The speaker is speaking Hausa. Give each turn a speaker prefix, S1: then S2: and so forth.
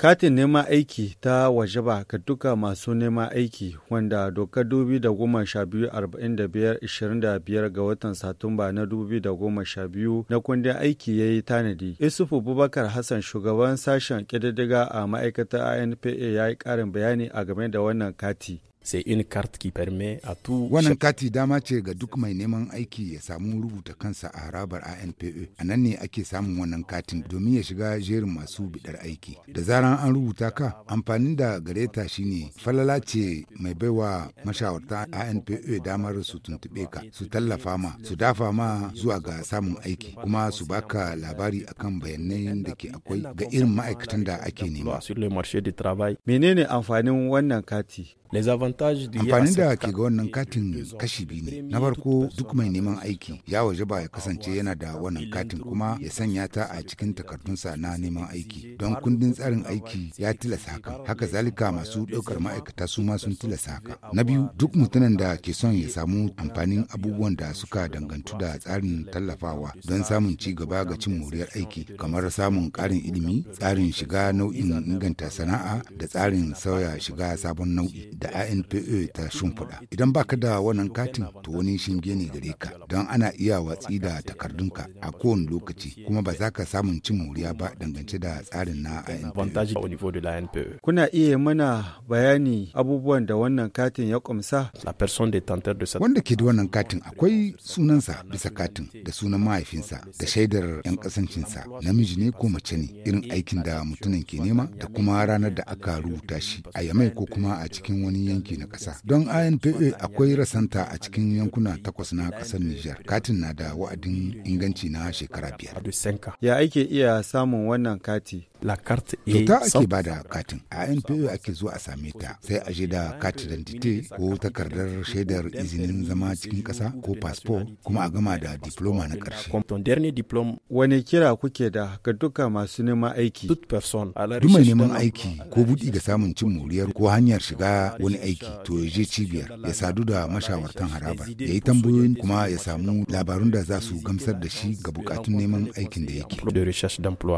S1: Katin neman aiki ta wajaba ga duka masu neman aiki wanda doka ishirin da 25 ga watan Satumba na 2012 na kundin aiki ya yi tanadi. Isufu Bubakar Hassan shugaban sashen ƙididdiga a ma'aikatar ANPA ya yi ƙarin bayani a game da wannan kati. carte qui permet sai Wannan
S2: kati dama ce ga duk mai neman aiki ya samu rubuta kansa a harabar ANPE. A nan ne ake samun wannan katin domin ya shiga jerin masu bidar aiki. Da zaran an rubuta ka, amfanin da gareta shine falala ce mai baiwa mashawarta ANPE damar su tuntube ka, su tallafa ma, su dafa ma zuwa ga samun
S1: aiki, kuma su baka labari akan bayanai da ke akwai ga irin ma'aikatan da ake nema. Menene amfanin wannan kati? amfanin da
S2: ke ga wannan katin kashi biyu ne na farko duk mai neman aiki
S1: ya waje ba ya kasance yana
S2: da wannan katin kuma ya sanya ta a cikin takardunsa na neman aiki don kundin tsarin aiki ya tilasta haka haka zalika masu ɗaukar ma'aikata su ma sun tilasta haka na biyu duk mutumin da ke son ya samu amfanin abubuwan da suka dangantu da tsarin tallafawa don samun ci gaba ga cin moriyar aiki kamar samun ƙarin ilimi tsarin shiga nau'in inganta sana'a da tsarin sauya shiga sabon nau'i da 'ya'yan npa ta shimfiɗa idan baka da wannan katin to wani shinge ne gare ka don ana iya watsi da takardunka a kowane lokaci kuma ba za ka samun cin moriya ba dangance da tsarin na
S1: npa kuna iya mana bayani abubuwan da wannan katin ya kumsa wanda
S2: ke da wannan katin akwai sunansa bisa katin da sunan mahaifinsa da shaidar 'yan kasancinsa namiji ne ko mace ne irin aikin da mutumin ke nema da kuma ranar da aka rubuta shi a yamai ko kuma a cikin wani yanki yanki na ƙasa. Don INPA akwai rasanta a cikin yankuna takwas na ƙasar Nijar. Katin na da wa'adin inganci na shekara biyar.
S1: Ya ake iya samun wannan kati? lakart ta ake ba da katin a npo ake zuwa a same ta
S2: sai a da kat identity ko takardar shaidar izinin zama cikin kasa ko fasfo kuma a gama da diploma na karshe
S1: wani kira kuke da ga duka masu neman aiki duk mai neman
S2: aiki ko buɗi ga samun cin moriyar ko hanyar shiga wani aiki to ya je cibiyar ya sadu da mashawartan harabar ya yi tambayoyin kuma ya samu labarun da za su gamsar da shi ga bukatun neman aikin da yake